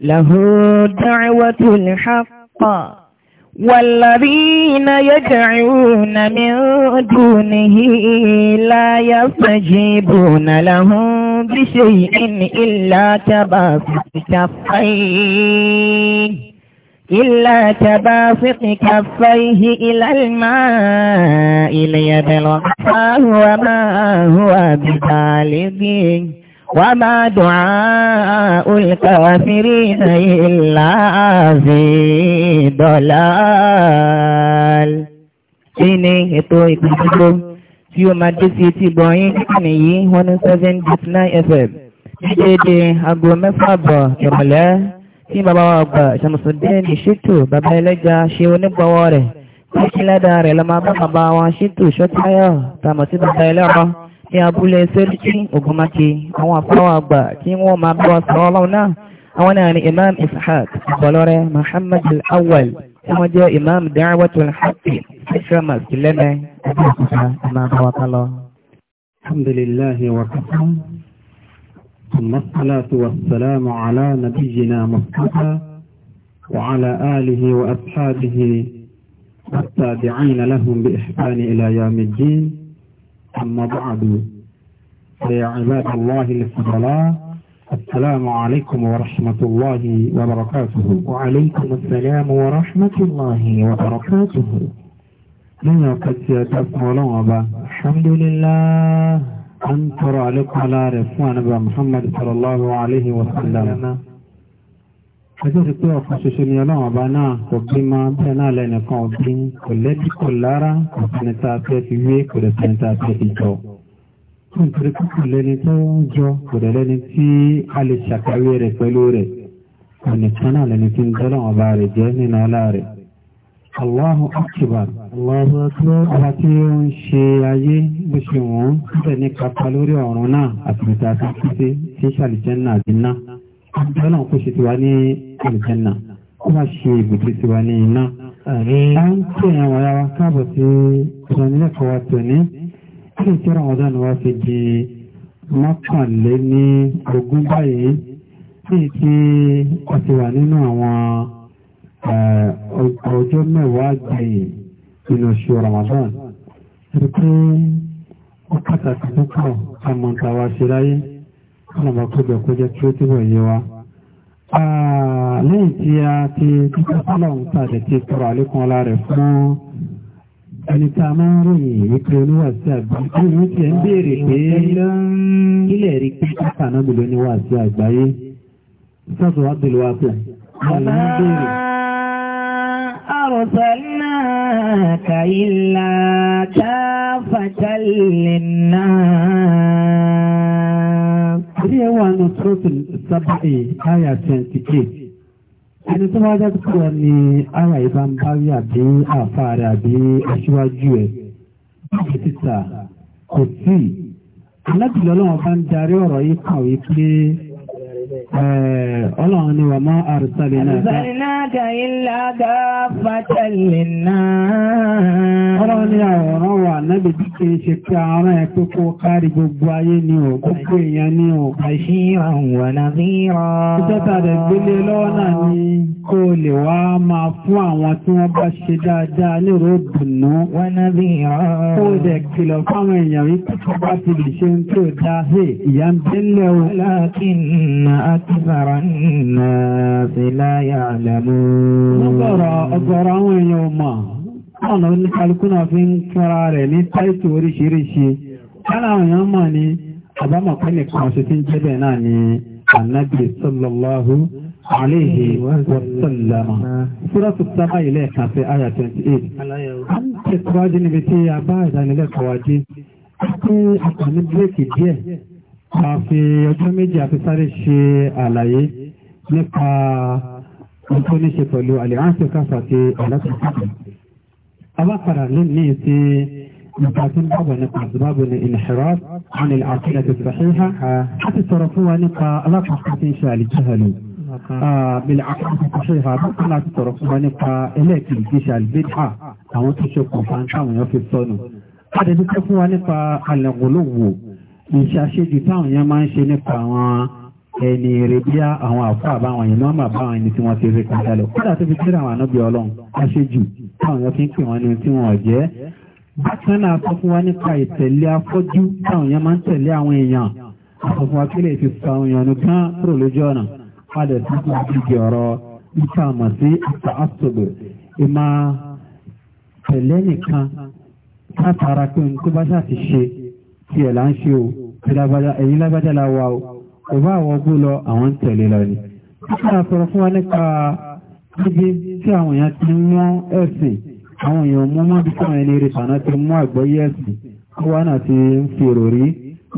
له دعوة الحق والذين يدعون من دونه لا يستجيبون لهم بشيء إلا تباسط كفيه إلا تباسط كفيه إلى الماء ليبلغ فهو ما هو بخالقه Wa ma du'a'ul kafirina illa fi dalal. Ini ni ètò ìdúgbò tí ó máa dé sí etí bọ̀yìn nìyí 107.9 FM? Dédé aago mẹ́fà bọ̀ ìrọ̀lẹ́ tí bàbá wa gbà Ṣàmùsùdín ní ṣètò bàbá ẹlẹ́ja ṣe onígbọ̀wọ́ rẹ̀. Kí lẹ́dà rẹ̀ lọ máa bá bàbá wa ṣètò ṣọ́táyọ̀ tàmọ̀ sí bàbá ní abúlé sẹ́ríkí ogunmáke àwọn àfáwà àgbà tí wọ́n máa bá wa sọ ọlọ́run náà àwọn náà ni imam ishaq ìbọ̀lọ́rẹ́ muhammad al-awwal tí wọ́n jẹ́ imam da'watul haqqi central mosque lẹ́mẹ́ ẹgbẹ́ òkúta ọmọ àbáwá wa kafa لهم بإحسان إلى يوم الدين أما بعد فيا عباد الله الفضلاء السلام عليكم ورحمة الله وبركاته وعليكم السلام ورحمة الله وبركاته من يقتل تسمى الحمد لله أن ترى لكم على رسول محمد صلى الله عليه وسلم ẹjọ́ ti pé ọ̀kan ṣoṣo ni ọlọ́run ọba náà kò bí máa bẹ́ẹ̀ náà lẹ́nìkan òbí kò lẹ́bí kò lára kò sẹ́ni tá a fẹ́ fi wé kò dẹ̀ sẹ́ni tá a fẹ́ fi jọ. nítorí pé kò lẹ́ni tó ń jọ kò dẹ̀ lẹ́ni tí a lè ṣàkàwé rẹ̀ pẹ̀lú rẹ̀ ọ̀nìkan náà lẹ́ni tí ń dọ́lọ́run ọba rẹ̀ jẹ́ nínú ọlá rẹ̀. Allahu akbar. Allahu akbar. Ọba tí ó ń ṣe ayé bó ṣe wọ́n síbẹ̀ ní kápá lórí ọ̀run náà àti ìta sí àlùjẹ́nà kó má ṣe ibùdó sí wa ní iná. a ń kí ẹ̀yàn wọ̀nyá wa káàbọ̀ sí ìdánilẹ́kọ̀ọ́ wa tòní kí ìṣẹ́ Ramadan wa fi di mọ́kànléní ogún báyìí kí ti ọ̀sẹ̀ wà nínú àwọn ọjọ́ mẹ́wàá gbẹ̀yìn nínú oṣù Ramadan pé ó pàtàkì púpọ̀ àmọ̀ntàwà ṣe láyé ọ̀nà bá kó bẹ̀ kó jẹ́ kí ó túbọ̀ yé wa lẹ́yìn tí a ti kíkọ́ sọ́lọ̀ ń tàbí ti kúrò àlékún ọlá rẹ̀ fún ẹni tá a máa ń ròyìn wípé oníwàásí àgbáyé ní ti ẹ̀ ń béèrè pé ilẹ̀ rí pé kíkà náà gbòdó oníwàásí àgbáyé sọ́tò wá gbèlú wa pè wọ́n ń béèrè. أرسلناك إلا كافة للناس bí ẹ wà nù tóòtù sábà ẹ̀ àyà twenty eight ẹni tó bá dá tó wà ní àyà ìbá ń bá rí àbí àfààrẹ àbí aṣíwájú ẹ̀ bí títà kò sí alábìlọ́lọ́wọ́n bá ń darí ọ̀rọ̀ yìí kàn wípé. Ọlọ́run ni wà máa àrùsàlẹ̀ náà. Àrùsàlẹ̀ náà ilá ga náà. Ọlọ́run ni àwòrán wà náàbì tí kìí ṣe pé àárán ẹ kárí gbogbo ayé ni ò gbogbo èèyàn ni ò. Àṣíràn wà bí rán. Ìjọ́ta rẹ̀ lọ́wọ́ náà ni kó lè wá a máa fún àwọn tí wọ́n bá ṣe dáadáa ní ìró dùnú. Wọ́n náà bí ìrọ̀. Ó dẹ̀ kìlọ̀ fáwọn èèyàn rí tó bá ti lè ṣe ń tó dá hé ìyá ń bẹ́lẹ̀ o. Lákìnnà akthara an-nasi la ya'lamun. Wọ́n sọ̀rọ̀ ọ̀gọ̀rọ̀ Ọ̀nà oníkálukú náà fi ń fúnra rẹ̀ ní táìtù oríṣiríṣi. Kálá àwọn èèyàn mọ̀ ni àbámọ̀pẹ́ nìkan ṣe ti ń jẹ́ bẹ́ẹ̀ náà ni Ànábì sallallahu عليه وسلم سورة السماء إليك في آية 28 عن إخراج نبتي عباد عن إليك واجي أكي أكمل بريك ديه في ọjọ́ méjì àfisáré ṣe àlàyé nípa ọjọ́ níṣe pẹ̀lú àlèránsẹ̀ káfà ti ọ̀lọ́pàá abákàrà lónìí tí مقاتل بابا نقع الانحراف عن العقيدة الصحيحة حتى صرفوها نقع علاقة إن شاء الله Ah, bẹ̀lẹ̀ akọ́kọ́ṣẹ́ ìfàdókọ́ láti tọ̀rọ̀ fún wa nípa ẹlẹ́ẹ̀kìrì gíṣẹ́ àlùbẹ́dà àwọn tó ṣe kùn fáńtàwọn èèyàn fi sọnù adẹ́dúkẹ́ fún wa nípa alẹ́gbọ̀lówò ìṣàṣejù táwọn èèyàn máa ń ṣe nípa àwọn ẹni rẹ̀ bí àwọn àfọ́ àbáwọn èèyàn máa máa báwọn ẹni tí wọ́n ti rí kan jalè kódà tó fi tẹ́lẹ̀ àwọn ànábì ọlọ́run aṣejù táwọn èèyàn fi ń pè wọ́n ní tí wọ́n jẹ́ bákan náà sọ fún wa nípa ìtẹ̀lé afọ́jú táwọn èèyàn máa ń tẹ̀lé àwọn èèyàn àfọ̀fún akílẹ̀ ti fa àwọn èèyàn gan kúrò lójú padà títí àdìgì ọ̀rọ̀ nípa àmọ̀ sí àtà àtòbò ìmá tẹ̀lé nìkan látara pé n tó bá ṣáà ti ṣe tí ẹ̀ là ń ṣe o ẹ̀yin lágbájá la wà o kò bá àwọn ọgbó lọ àwọn ń tẹ̀lé lọ ni. nígbà sọ̀rọ̀ fún wa nípa níbi tí àwọn èèyàn ti mú ẹ̀sìn àwọn èèyàn mú mọ́ bí sọ̀rọ̀ ẹni rẹ̀ tàná ti mú àgbọ́yé ẹ̀sìn kó wá náà ti ń fi èrò rí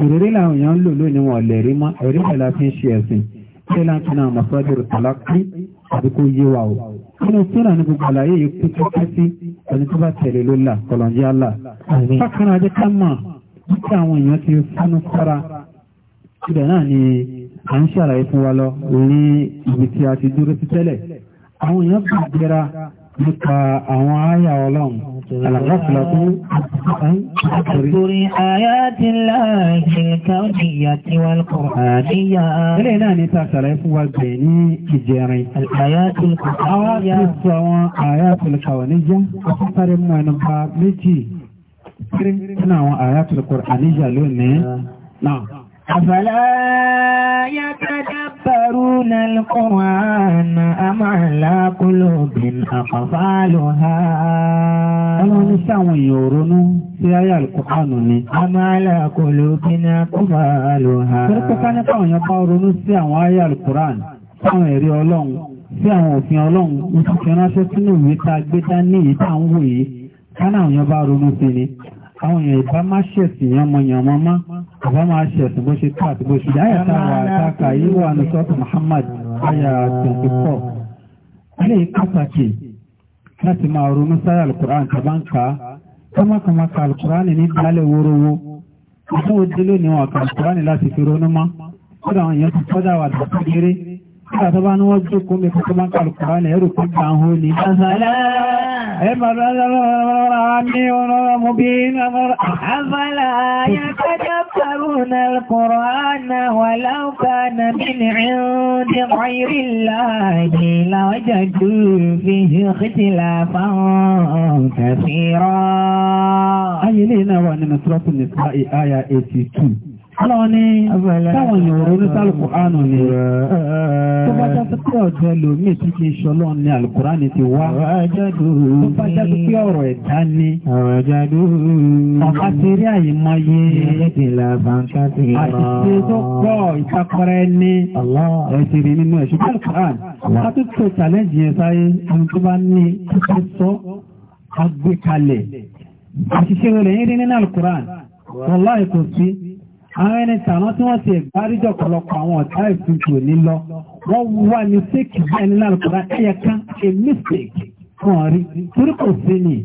èrò rí làwọn èèyàn ń lò lónìí wọn ọ̀lẹ̀ mọ́ ẹ̀rí pẹ̀lú àfi ń ṣe ẹ̀sìn ṣé láti náà masọ́jọ́rò tàlákì àbí kó yé wa o. nínú sínú ní gbogbo àlàyé yìí kú tó kú sí ẹni tó bá tẹ̀lé ló là kọlọ̀njẹ́ àlà. bákan náà jẹ́ ká mọ̀ wípé àwọn èèyàn ti fánú fọ́ra ibẹ̀ náà ni à ń ṣàlàyé fún wa lọ ní ibi tí a ti dúró sí tẹ́lẹ̀ àwọn èèyàn bàjẹ́ra nípa àwọn ááyà ọlọ́run Àtòrí àyàtì láàájì káwàdìyàtì wà l'Kùránìyà. Ilé náà ni ta ṣàlàyé fún wa gbẹ̀ ní ìjẹrin. Àyàtì kàwàdìyà. Àwọn àti يتدبرون القرآن أم على قلوب أقفالها Ọlọ́run ní sáwọn èèyàn ronú sí ayé A máa lákòóló kí ní àkọ́bà lò àwọn ẹ̀rí ọlọ́run, sí àwọn òfin ọlọ́run, ní tó ránṣẹ́ sínú ìwé ta gbé dání ń wò yìí, ká náà ronú sí ni. Àwọn èèyàn ìbá máa. àwọn máa ṣe ẹ̀sùn bó ṣe ká àti bó ṣe dáyà táwà àtàkà yìí wà ní sọ́tù Muhammad àyà 24 ilé pàtàkì láti máa ronú sára alukuran tàbáǹkà kọ́mọ́kọ́mọ́ka alukuran ní ìdálẹ̀ wórówó àwọn òde lónìí wọn kà alukuran láti fi ronú mọ́ kódà àwọn èèyàn ti tọ́jà wà dàpọ̀ أفلا يتدبرون القرآن ولو كان من عند غير الله لوجدوا فيه اختلافا كثيرا أي لنا ونسرة النساء آية 82 Àwọn ni táwọn ìyòrò ní sálùkùránù ni tó bá jẹ́ pé ọ̀dọ̀ ẹlòmíì tí kìí ṣọlọ́ ni alùkùránù ti wá. Tó bá jẹ́ pé ọ̀rọ̀ ẹ̀dá ni ọ̀pá ti rí àyímọ́yé àti ṣe tó pọ̀ ìtakọrẹ ní ẹ̀sìrì nínú ẹ̀ṣù alùkùránù. Látó tó challenge yẹn sáyé ohun tó bá ní tó sọ agbékalẹ̀ àṣìṣe rẹ̀ yín rí nínú alùkùránù. Wọ́n láì kò sí àwọn ẹni tàná tí wọ́n ti gbáríjọ pọ̀lọpọ̀ àwọn ọ̀tá ìsìn tò lọ wọ́n wà ní séèkì bẹ́ẹ̀ ní lálùkọ́lá ẹ̀yẹ kan ṣe mistake fún ọ rí torí kò sí ni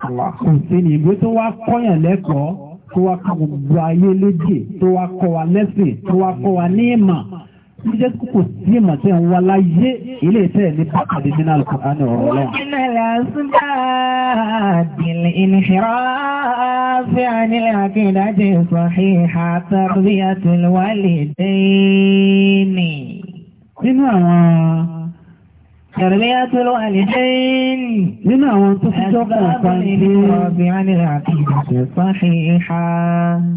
kò sí ni ìwé tó wá kọ́yàn lẹ́kọ̀ọ́ tó wá kọ́ gbogbo ayé lóde tó wá kọ́ wa lẹ́sìn tó wá kọ́ wa ní ìmọ̀ jẹ́ kókò sí ìmọ̀ tí ń wá láyé ilé ìtẹ́ ní pàtàkì nínú alùpùpù ní ọ̀rọ̀ lọ́wọ́. wọ́n ti nà النافع للعقيدة الصحيحة تربية الوالدين nínú àwọn تربية الوالدين nínú àwọn tó fi jọ́pọ̀ pàǹtí ọ̀bí ánìlẹ̀ àkíkàṣẹ̀ صحيحة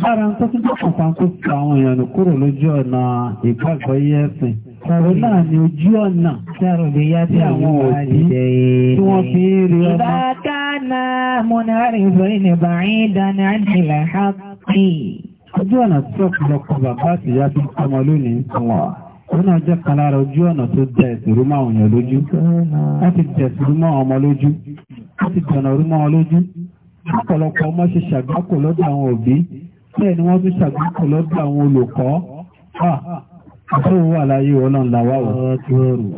ara tó fi jọ́pọ̀ pàǹtí àwọn èèyàn kúrò lójú ọ̀nà ìgbàgbọ́ yẹ́sìn ọ̀rọ̀ náà ni ojú ọ̀nà tí àwọn òbí tí wọ́n fi ń rí ọmọ. ìbákaná múnárì ìròyìn ìbàrin ìdáni àdìlẹ̀ hápì. ojú ọ̀nà tí ọ̀pọ̀lọpọ̀ bàbá àti ìyá fi ń kọmọ lónìí ó náà jẹ́ kan lára ojú ọ̀nà tó dẹ ìṣòro máa wọ̀nyàn lójú láti dẹ ìṣòro ọmọ lójú láti dẹ̀nà orí máa lójú ọ̀pọ̀lọpọ̀ ọmọ ṣe ṣàgbákò lọ́dọ̀ àwọn òbí bẹ́ẹ̀ ni wọ́n tún ṣàgbákò lọ́dọ̀ àwọn olùkọ́ àtọ́ wà láyé ọlọ́run làwà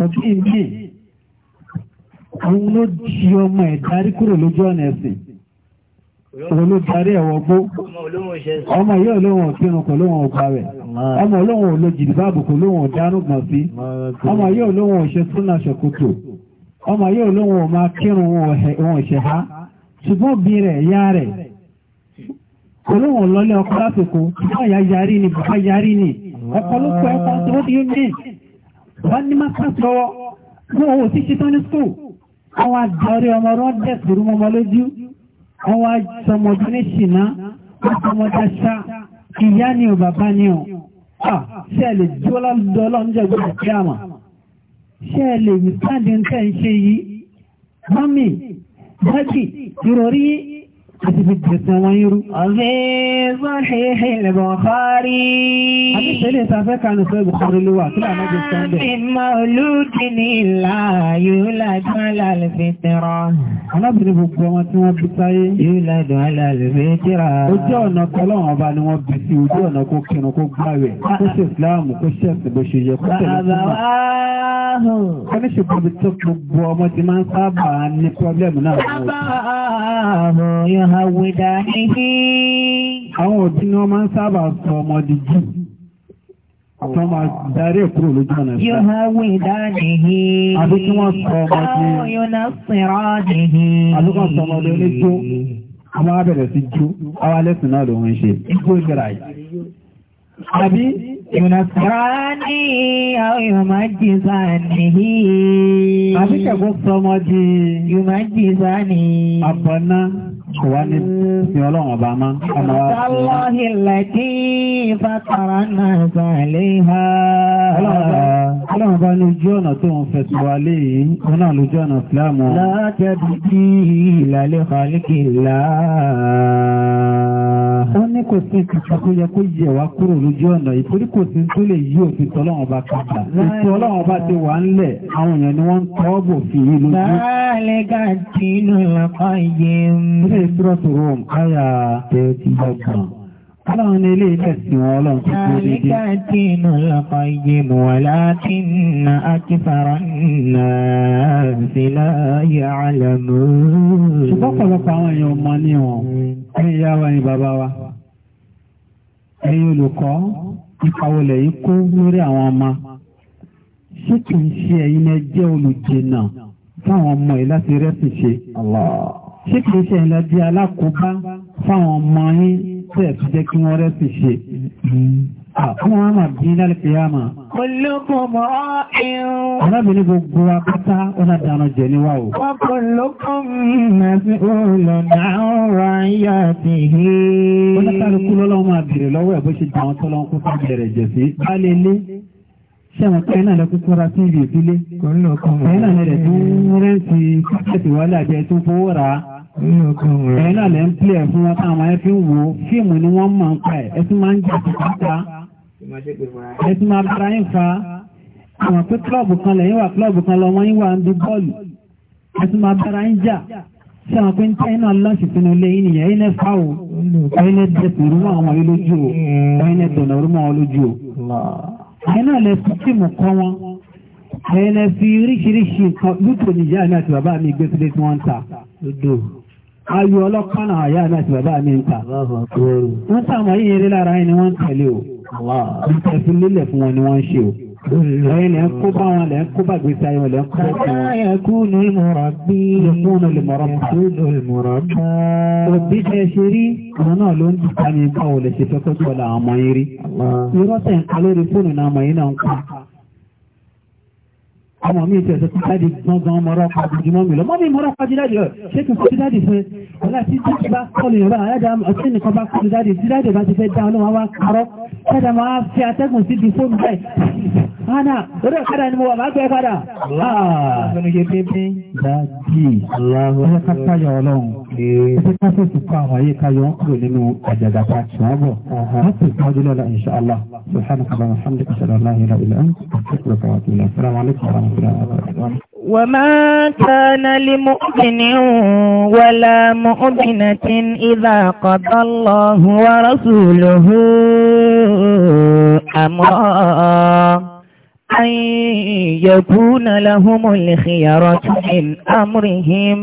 ọtí ìmí òun ló ọmọ ẹ̀ kúrò lójú ọ̀nà ẹ̀sìn òun ẹ̀wọ̀ gbó ọmọ yìí olóhùn ọ̀tírun kò lóhùn ọgbà rẹ̀ ọmọ olóhùn olójìdì báàbù kò lóhùn ọ̀dánù sí ọmọ yìí súnà ṣòkòtò ọmọ kírun ṣùgbọ́n bí rẹ̀ yá rẹ̀ kò lọ́lẹ́ ọkọ̀ lásìkò ọ̀pọ̀ ló pẹ́ ọ̀pọ̀ tí wọ́n ti yóò ní wọ́n ní máa kàtí lọ́wọ́ wọ́n ò sí ṣetán ní skul àwọn àjọrí ọmọ rọ́ dẹ̀kùrú mọ́mọ lójú àwọn àjọmọ̀jú ní ṣìná àtọmọdáṣá ìyá ni ò bàbá àti fi tẹ̀sán wọn yírú. ọ̀fẹ́ sọ́hìhì Bukhari. àti tẹ̀lé ìsàfẹ́ kanú fẹ́ Bukhari ló wà kí lànà jẹ sọ́ndẹ̀. àti màlúùdì ní ìlà yúládùn alàlùfẹ́tẹ̀rọ. alábìnrin gbogbo ọmọ tí wọ́n bí sáyé. yúládùn alàlùfẹ́tẹ̀rọ. ojú ọ̀nà tọ́lọ́run ọba ni wọ́n bí sí ojú ọ̀nà kó kírun kó gbáwẹ̀ kó ṣe ìsìláàmù kó ṣe ẹ̀sìn àwẹ̀dà níhí. Àwọn òbí ni wọ́n máa ń sábà sọ ọmọdé jù. Àwọn máa darí kúrò lójú ọ̀nà ìfẹ́. Yóò háwé dánìhí. Àbí kí wọ́n sọ ọmọdé. Àwọn yóò náà sìnrọ́ nìhí. Àbí kí wọ́n sọ ọmọdé oníjó. Àwọn abẹ̀rẹ̀ sí jó. Àwọn alẹ́sìn náà ló ń ṣe. Igbó ìgbéra yìí. Àbí Yunasirani àwọn Yomajizanihi. Àbíkẹ̀ kó sọmọ di. Yomajizani. Àbọ̀ná wá ní ìsìn ọlọ́run ọba máa ọmọ wa Allahi ọlọ́run bá ní ojú ọ̀nà tó ń fẹ̀ tiwa lé yìí wọn náà lójú ọ̀nà ìsìláàmù wọ́n ní kò sí kàkà tó yẹ kó yẹ wá kúrò lójú ọ̀nà ìtorí kò sí tó lè yí òfin tọ́lọ́run ọba kàkà ìtọ́ ọlọ́run ọba ti wà ńlẹ̀ àwọn èèyàn ni wọ́n tọ́ bò fi lójú ilé ìsúrọ̀tù Rum káyà tẹ́ẹ̀tì ọgbọ̀n. Ọlọ́run ní ilé ilẹ̀ sí wọn ọlọ́run tó tó dédé. Àríkà tí inú lọ́kọ̀ yé mu wà láti nà akífàrọ̀ nà sí láyé àlàmú. Ṣùgbọ́n pọ̀lọpọ̀ àwọn èèyàn mọ ní wọn, ẹ̀yin ìyá wa ni bàbá wa. Ẹ̀yin olùkọ́, ìpawọlẹ̀ yìí kó lórí àwọn ọmọ. Ṣé kìí ṣe ẹ̀yin ẹ jẹ́ olùjìnà fáwọn ọmọ yìí láti rẹ́sì ṣe? ṣé kìí ṣe ẹ̀lẹ́ di alákòóbá fáwọn ọmọ yín tí ẹ̀ fi jẹ́ kí wọ́n rẹ́sì ṣe. Àwọn wọn máa bí lálẹ́ pé á máa. Olókun mọ́ irun. Arábìnrin gbogbo apáta ọ̀nà dáná jẹ níwá o. Ọ̀pọ̀lọpọ̀ máa fi olùdá ọ̀rọ̀ ayé àti ìhé. Wọ́n ní kálukú máa bèrè lọ́wọ́ ẹ̀ bó ṣe dáwọn tó kó fún bẹ̀rẹ̀ jẹ̀ sí. Bá lè lé sẹ́wọ̀n pé náà lọ́kún kọ́ra sí ìlú ìdílé. Kọ́ńtà kan. náà lẹ̀ ẹ̀yìn náà lẹ́ ń pílẹ̀ fún wọn táwọn ayé fi ń wo fíìmù ni wọ́n máa ń pa ẹ̀ ẹ ti máa ń jà pátá ẹ ti máa bára yín fa àwọn pé kílọ̀bù kan lẹ́yìn wà kílọ̀bù kan lọ́mọ yín wà ń bí bọ́ọ̀lù ẹ ti máa bára yín jà ṣé àwọn pé ń tẹ́ iná lọ́ọ̀ṣì sínú ilé yín nìyẹn ẹ̀yìn ẹ̀fà o ẹ̀yìn ẹ̀dẹ̀sùn rúmọ àwọn ọmọ lójú o ẹ̀yìn ẹ̀dọ̀nà o ẹ̀yìn náà lẹ fi tíìmù kọ́ wọn ẹ̀yìn lẹ fi oríṣiríṣi nǹkan lútò nìyá mi àti bàbá mi gbé sílé tí wọ́n ń ta ayò ọlọ́pàá àyà náà ti bàbá mi ń ta. wọ́n sàmọ̀ yìí eré lára ẹni wọ́n ń tẹ̀lé o. ìtẹ̀sí lílẹ̀ fún wọn ni wọ́n ń ṣe o. Ẹ̀yin lẹ́ ń kó bá wọn lẹ́ ń kó bá gbèsè ayé wọn lẹ́ ń kó bá wọn. Ẹ̀kúnù ìmọ̀ràn bí. ìmọ̀ràn bá. ìmọ̀ràn bá. Òbí ṣe ṣe rí àwọn náà ló ń dìtà ní báwo lè ṣe fẹ́ kó jọ la àwọn rí. Irọ́ tẹ̀ àwọn míì tẹ̀sẹ̀ tí dáàdì gbọ́ngàn mọ́rọ́pàá jùmọ́ mi lọ mọ́ mi mọ́rọ́pàá jí dáàdì rẹ̀ ṣé kí n kò tí dáàdì fún ọlá tí tí bá kọlù yorùbá àyájá ọtí nìkan bá kọlù dáàdì tí dáàdì bá ti fẹ́ dá ọlọ́wọ́ wá kárọ́ kẹ́dà máa fi atẹ́gùn sí di fóònù bẹ́ẹ̀ hánà orí ọ̀kadà ni mo wà máa gbé padà. láàá ọlọ́run yé pé سبحانك اللهم وبحمدك اشهد ان لا اله الا انت استغفرك واتوب اليك السلام عليكم ورحمه الله وبركاته وما كان لمؤمن ولا مؤمنة إذا قضى الله ورسوله أمرا أن يكون لهم الخيرة من أمرهم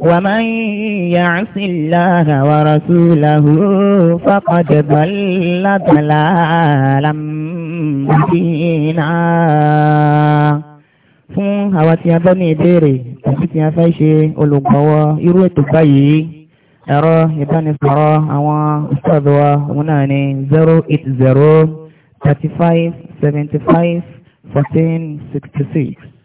ومن يعص الله ورسوله فقد ضل ضلالا مبينا fún àwa tí a bá ní ìbéèrè tàbí tí a fẹ́ ṣe olùgbọ́wọ́ irú ètò báyìí ẹ̀rọ ìbánisọ̀rọ̀ àwọn ustadh òun náà ni 080 35 75 14 66